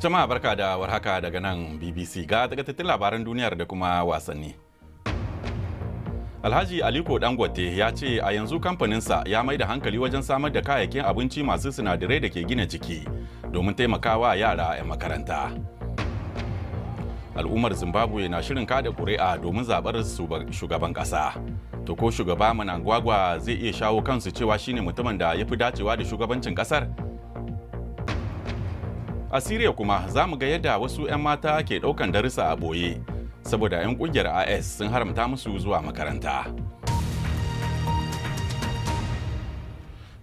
Cuma berkah ada warhaka ada genang BBC. Gak tak kata telah barang dunia ada kuma wasan ni. Alhaji Aliko Dangote ya ce a yanzu kamfaninsa ya mai da hankali wajen samar da kayayyakin abinci masu sinadirai da ke gina jiki domin taimakawa yara 'yan makaranta. Al'ummar Zimbabwe na shirin kada kuri'a domin zaɓar shugaban ƙasa. To ko shugaba gwagwa zai iya shawo kansu cewa shine mutumin da ya fi dacewa da shugabancin ƙasar? A Siriya kuma za mu ga yadda wasu 'yan mata ke ɗaukan darussa a boye saboda 'yan kungiyar IS sun haramta musu zuwa makaranta.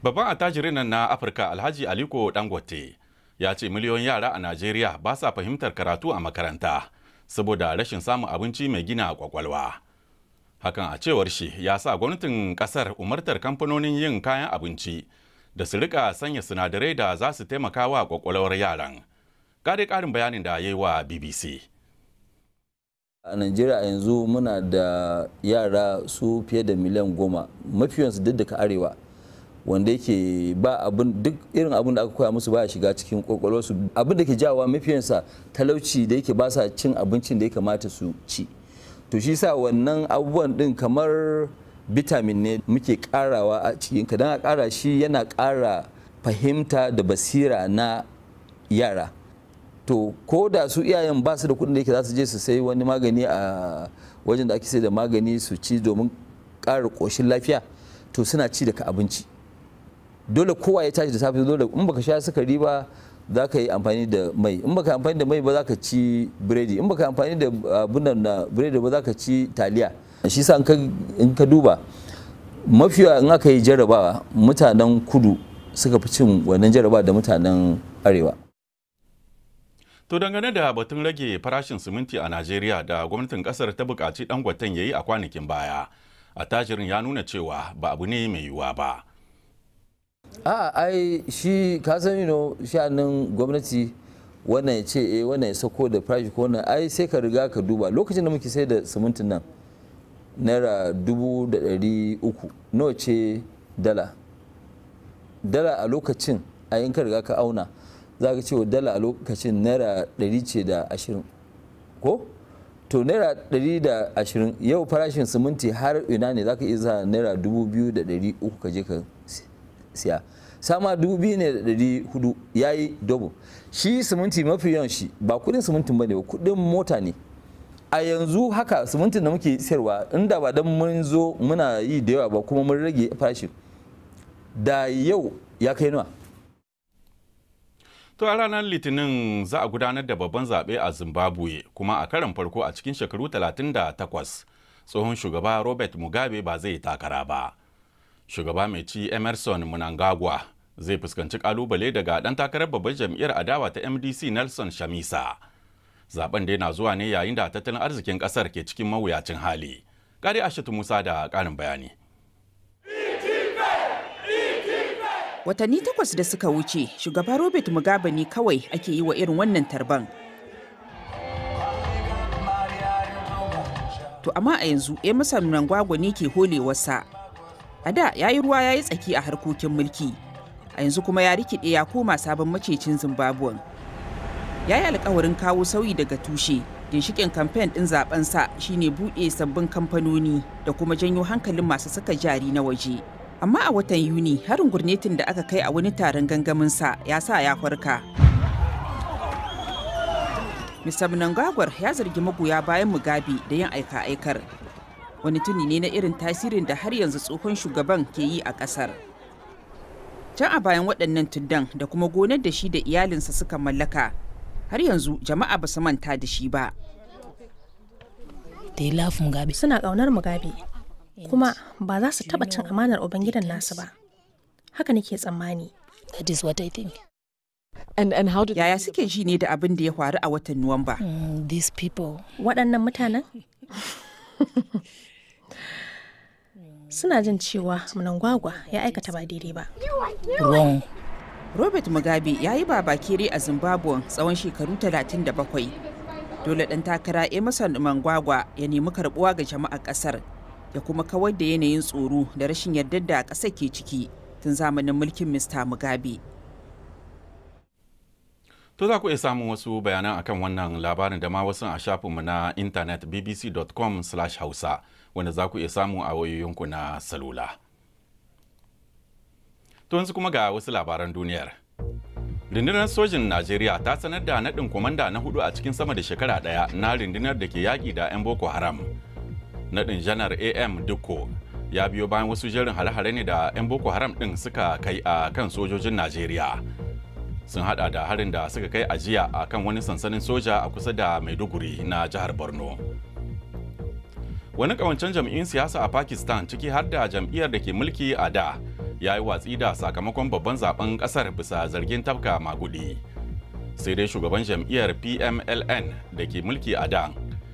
Babban attajirin nan na Afirka Alhaji Aliko Dangote ya ce miliyoyin yara a Najeriya ba sa fahimtar karatu a makaranta saboda rashin samun abinci mai gina kwakwalwa. Hakan a cewar shi ya sa gwamnatin kasar umartar kamfanonin yin kayan abinci da su rika sanya sinadarai da za su taimaka wa kwakwalwar yaran. Kare karin bayanin da ya yi wa BBC. a najeriya yanzu muna da yara su fiye da miliyan goma mafiyansu duk daga arewa wanda yake ba abin duk irin abin da aka koya musu baya shiga cikin kwakwalwarsu abin da ke jawa mafiyansa talauci da yake ba sa cin abincin da ya kamata su ci to shi sa wannan abubuwan din kamar bitamin ne muke karawa a cikin ka don a kara shi yana kara fahimta da basira na yara to ko da su iyayen ba su da kudin da yake za su je su sai wani magani a wajen da ake sai da magani su ci domin ƙara ƙoshin lafiya to suna ci daga abinci dole kowa ya tashi da safe dole in baka sha sukari ba za ka yi amfani da mai in baka amfani da mai ba za ka ci biredi in baka amfani da abun na biredi ba za ka ci taliya shi sa in ka duba mafiya in aka yi jarabawa mutanen kudu suka fi cin wannan jarabawa da mutanen arewa To dangane da batun rage farashin siminti a Najeriya da gwamnatin kasar ta bukaci dan ya yi a kwanakin baya, a tajirin ya nuna cewa ba abu ne mai yiwuwa ba. A ai shi ka sani shi sha'anin gwamnati wannan ya ce eh wannan ya sako da farashi ko wannan ai sai ka riga ka duba lokacin da muke sai da simintin nan naira dubu da ɗari uku nawa ce dala dala a lokacin a yin ka riga ka auna za ka cewa dala a lokacin naira dari ce da ashirin ko to naira dari da ashirin yau farashin siminti har ina ne za ka iya naira dubu biyu da dari uku ka je ka siya sama dubu biyu ne da dari hudu ya yi dobo shi siminti mafi yawan shi ba kuɗin simintin ba ne ba kuɗin mota ne a yanzu haka simintin da muke sayarwa inda ba don mun zo muna yi da yawa ba kuma mun rage farashin da yau ya kai nawa To a ranar Litinin za a gudanar da babban zaɓe a Zimbabwe kuma a karan farko a cikin shekaru 38 tsohon shugaba Robert Mugabe ba zai takara ba. Shugaba mai ci Emerson Mnangagwa zai fuskanci kalubale daga ɗan takarar babban jam'iyyar adawa ta MDC Nelson Shamisa. Zaben da yana zuwa ne yayin da tattalin arzikin ƙasar ke cikin mawuyacin hali. Kare Ashatu Musa da ƙarin bayani. watanni takwas da suka wuce shugaba robert mugabe ne kawai ake yi wa irin wannan tarban to amma a yanzu emerson mnangagwa ne ke holewarsa a da ya yi ruwa ya yi tsaki a harkokin mulki a yanzu kuma ya rikide ya koma sabon macecin Zimbabwe. ya yi alkawarin kawo sauyi daga tushe ginshikin kamfen ɗin zaben sa shine buɗe sabbin kamfanoni da kuma janyo hankalin masu saka jari na waje. amma a watan yuni harin gurnetin da aka kai a wani taron gangaminsa ya sa ya farka mr Gagwar ya zargi magoya bayan mugabe da yin aika-aikar wani tuni ne na irin tasirin da har yanzu tsohon shugaban ke yi a kasar can a bayan waɗannan tundan da kuma gonar da shi da iyalinsa suka mallaka har yanzu jama'a ba su manta da shi ba suna ƙaunar mugabe kuma ba za su taɓa cin amanar Ubangidan nasu ba. Haka nake tsammani. That is what I think. And, and how do Yaya suke ji ne da abin da ya faru a watan Nuwamba? Mm, these people. Waɗannan mutanen? Suna jin cewa Mnangagwa ya aikata ba daidai ba. Wrong. Robert Mugabe ya yi ba kere a Zimbabwe tsawon shekaru 37. Dole dan takara Emerson mangwagwa ya nemi karbuwa ga jama'ar kasar. da kuma kawar da yanayin tsoro da rashin yarda da ƙasar ke ciki tun zamanin mulkin Mr. Mugabe. To za ku iya samun wasu bayanan akan wannan labarin da ma wasu a shafinmu na intanet bbc.com/hausa wanda za ku iya samu a wayoyinku na salula. To yanzu kuma ga wasu labaran duniyar. Rundunar sojin Najeriya ta sanar da naɗin kwamanda na hudu a cikin sama da shekara ɗaya na rundunar da ke yaƙi da 'yan Boko Haram. naɗin janar am dukko ya biyo bayan wasu jerin hare ne da 'yan boko haram ɗin suka kai a kan sojojin najeriya sun hada da harin da suka kai ajiya a kan wani sansanin soja a kusa da maiduguri na jihar borno wani kawancen jam'in siyasa a pakistan ciki har da jam'iyyar da ke mulki a da ya yi watsi da sakamakon babban zaben kasar bisa zargin tafka magudi sai dai shugaban jam'iyyar pmln da ke mulki a da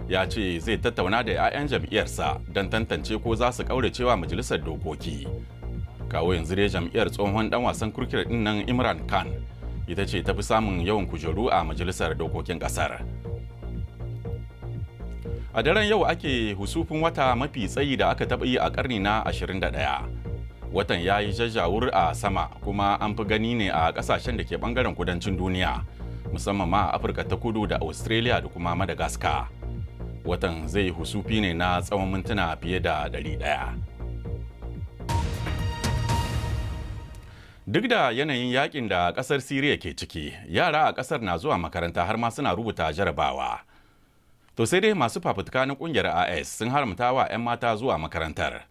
ya ce zai tattauna da 'ya'yan jam'iyyarsa don tantance ko za su cewa majalisar dokoki kawo yanzu dai jam'iyyar tsohon dan wasan kurkir din nan imran khan ita ce tafi samun yawan kujeru a majalisar dokokin kasar a daren yau ake husufin wata mafi tsayi da aka taɓa yi a karni na 21 watan ya yi jajjawur a sama kuma an fi gani ne a ƙasashen da ke bangaren kudancin duniya musamman ma a afirka ta kudu da australia da kuma madagascar watan zai husufi ne na tsawon mintuna fiye da 100 duk da yanayin yakin da kasar siriya ke ciki yara a kasar na zuwa makaranta har ma suna rubuta jarabawa to sai dai masu fafutuka na kungiyar as sun haramta wa 'yan mata zuwa makarantar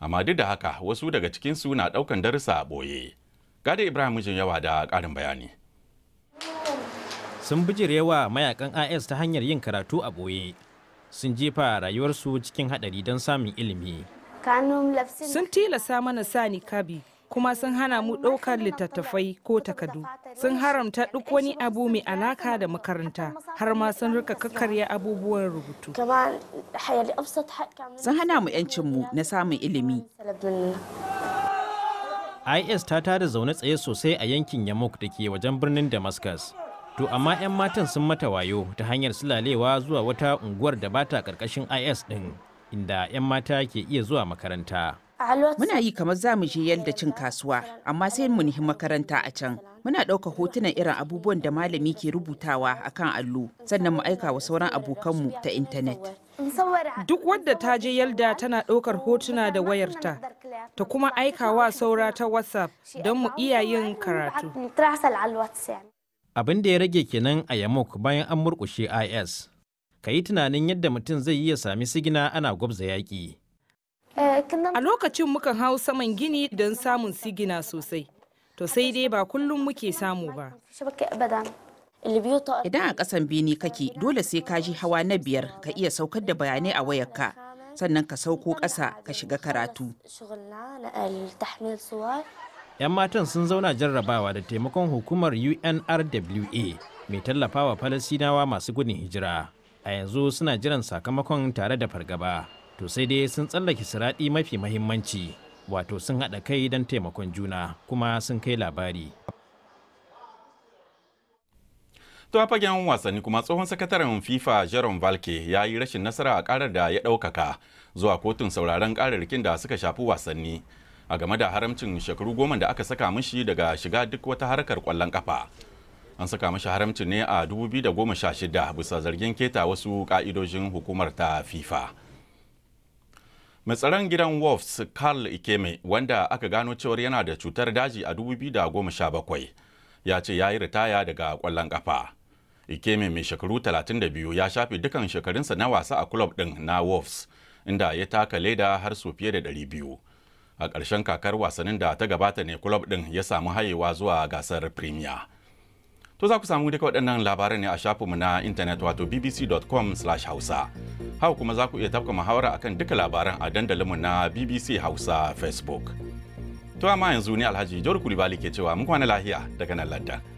amma duk da haka wasu daga cikinsu na daukan darussa a boye gada ibrahim mijin yawa da karin bayani sun bijirewa mayakan as ta hanyar yin karatu a boye sun jefa rayuwarsu cikin haɗari don samun ilimi. Sun tilasa mana sani kabi kuma sun hana mu ɗaukar littattafai ko takadu. Sun haramta duk wani abu mai alaka da makaranta har ma sun rika kakarya abubuwan rubutu. Sun hana mu mu na samun ilimi. IS ta tada zaune tsaye sosai a yankin Yamuk da ke wajen birnin Damascus. to amma 'yan matan sun mata wayo ta hanyar sulalewa zuwa wata unguwar da bata karkashin is ɗin inda 'yan mata ke iya zuwa makaranta muna yi kamar za mu je yadda cin kasuwa amma sai mu nihi makaranta a can muna ɗauka hotunan irin abubuwan da malami ke rubutawa a kan allo sannan mu aika wa sauran abokanmu ta intanet duk wadda ta je yalda tana ɗaukar hotuna da wayarta ta kuma aikawa saura ta whatsapp don mu iya yin karatu abin da ya rage kenan a yamuk bayan an murƙushe is ka yi tunanin yadda mutum zai iya sami sigina ana gwabza yaƙi eh, a lokacin mukan hau saman gini don samun sigina sosai to sai dai ba kullum muke samu ba idan a ƙasan bini kake dole sai ka ji hawa na biyar ka iya saukar da bayanai a wayarka sannan ka sauko ƙasa ka shiga karatu 'yan matan sun zauna jarrabawa da taimakon hukumar unrwa mai tallafawa falasinawa masu gudun hijira a yanzu suna jiran sakamakon tare da fargaba to sai dai sun tsallake siraɗi mafi mahimmanci wato sun haɗa kai don taimakon juna kuma sun kai labari to a fagen wasanni kuma tsohon sakataren fifa jerome valke ya yi rashin nasara a karar da ya ɗaukaka zuwa kotun sauraron ƙararrikin da suka shafi wasanni a game da haramcin shekaru goma da aka saka mashi daga shiga duk wata harkar kwallon kafa an saka mashi haramcin ne a 2016 bisa zargin keta wasu ka'idojin hukumar ta fifa mai tsaron gidan wolves carl ikeme wanda aka gano cewar yana da cutar daji a 2017 ya ce ya yi ritaya daga kwallon kafa ikeme mai shekaru 32 ya shafe dukan shekarunsa na wasa a club din na wolves inda ya taka leda har su fiye da 200 a ƙarshen kakar wasannin da ta gabata ne kulob ɗin ya samu hayewa zuwa gasar premier to za ku samu duka waɗannan labaran ne a shafinmu na intanet wato bbc.com hausa hau kuma za ku iya tafka muhawara akan duka labaran a dandalinmu na bbc hausa facebook to amma yanzu ne alhaji jauri kulibali ke cewa mun kwana lahiya daga nan ladan.